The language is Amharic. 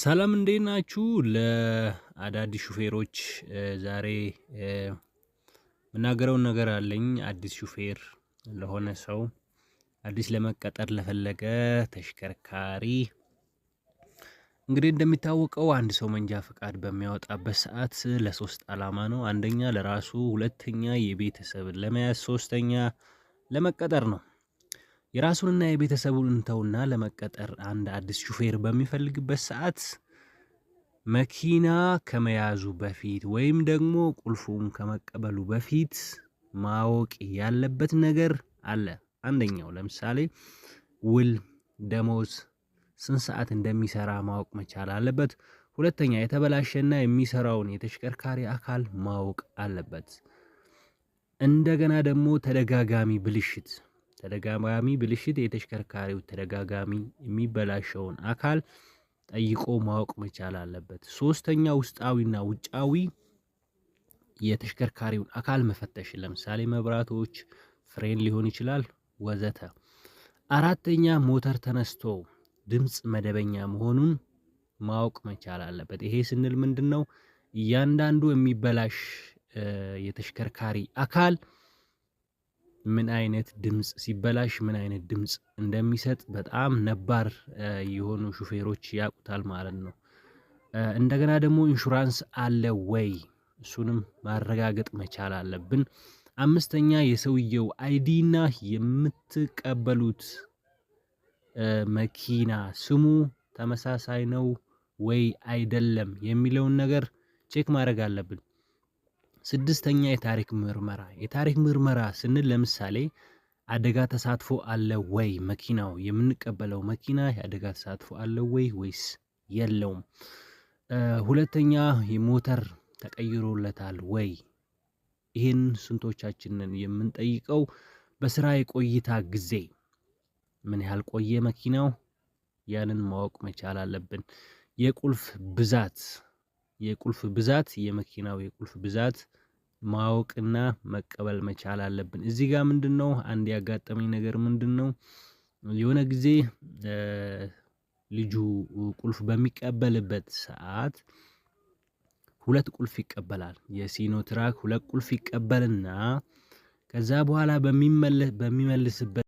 ሰላም እንዴት ናችሁ? ለአዳዲስ ሹፌሮች ዛሬ የምናገረውን ነገር አለኝ። አዲስ ሹፌር ለሆነ ሰው አዲስ ለመቀጠር ለፈለገ ተሽከርካሪ እንግዲህ እንደሚታወቀው አንድ ሰው መንጃ ፈቃድ በሚያወጣበት ሰዓት ለሶስት ዓላማ ነው። አንደኛ ለራሱ፣ ሁለተኛ የቤተሰብን ለመያዝ፣ ሶስተኛ ለመቀጠር ነው። የራሱንና የቤተሰቡን እንተውና ለመቀጠር አንድ አዲስ ሹፌር በሚፈልግበት ሰዓት መኪና ከመያዙ በፊት ወይም ደግሞ ቁልፉን ከመቀበሉ በፊት ማወቅ ያለበት ነገር አለ። አንደኛው ለምሳሌ ውል፣ ደሞዝ ስንት ሰዓት እንደሚሰራ ማወቅ መቻል አለበት። ሁለተኛ የተበላሸና የሚሰራውን የተሽከርካሪ አካል ማወቅ አለበት። እንደገና ደግሞ ተደጋጋሚ ብልሽት ተደጋጋሚ ብልሽት የተሽከርካሪው ተደጋጋሚ የሚበላሸውን አካል ጠይቆ ማወቅ መቻል አለበት። ሶስተኛ ውስጣዊና ውጫዊ የተሽከርካሪውን አካል መፈተሽ፣ ለምሳሌ መብራቶች፣ ፍሬን ሊሆን ይችላል ወዘተ። አራተኛ ሞተር ተነስቶ ድምፅ መደበኛ መሆኑን ማወቅ መቻል አለበት። ይሄ ስንል ምንድን ነው? እያንዳንዱ የሚበላሽ የተሽከርካሪ አካል ምን አይነት ድምፅ ሲበላሽ ምን አይነት ድምፅ እንደሚሰጥ በጣም ነባር የሆኑ ሹፌሮች ያውቁታል ማለት ነው። እንደገና ደግሞ ኢንሹራንስ አለ ወይ እሱንም ማረጋገጥ መቻል አለብን። አምስተኛ የሰውየው አይዲና የምትቀበሉት መኪና ስሙ ተመሳሳይ ነው ወይ አይደለም የሚለውን ነገር ቼክ ማድረግ አለብን። ስድስተኛ የታሪክ ምርመራ። የታሪክ ምርመራ ስንል ለምሳሌ አደጋ ተሳትፎ አለ ወይ መኪናው የምንቀበለው መኪና የአደጋ ተሳትፎ አለ ወይ ወይስ የለውም። ሁለተኛ የሞተር ተቀይሮለታል ወይ ይህን ስንቶቻችንን የምንጠይቀው። በስራ የቆይታ ጊዜ ምን ያህል ቆየ መኪናው? ያንን ማወቅ መቻል አለብን። የቁልፍ ብዛት የቁልፍ ብዛት የመኪናው የቁልፍ ብዛት ማወቅና መቀበል መቻል አለብን። እዚህ ጋር ምንድን ነው አንድ ያጋጠመኝ ነገር ምንድን ነው የሆነ ጊዜ ልጁ ቁልፍ በሚቀበልበት ሰዓት ሁለት ቁልፍ ይቀበላል። የሲኖ ትራክ ሁለት ቁልፍ ይቀበልና ከዛ በኋላ በሚመልስበት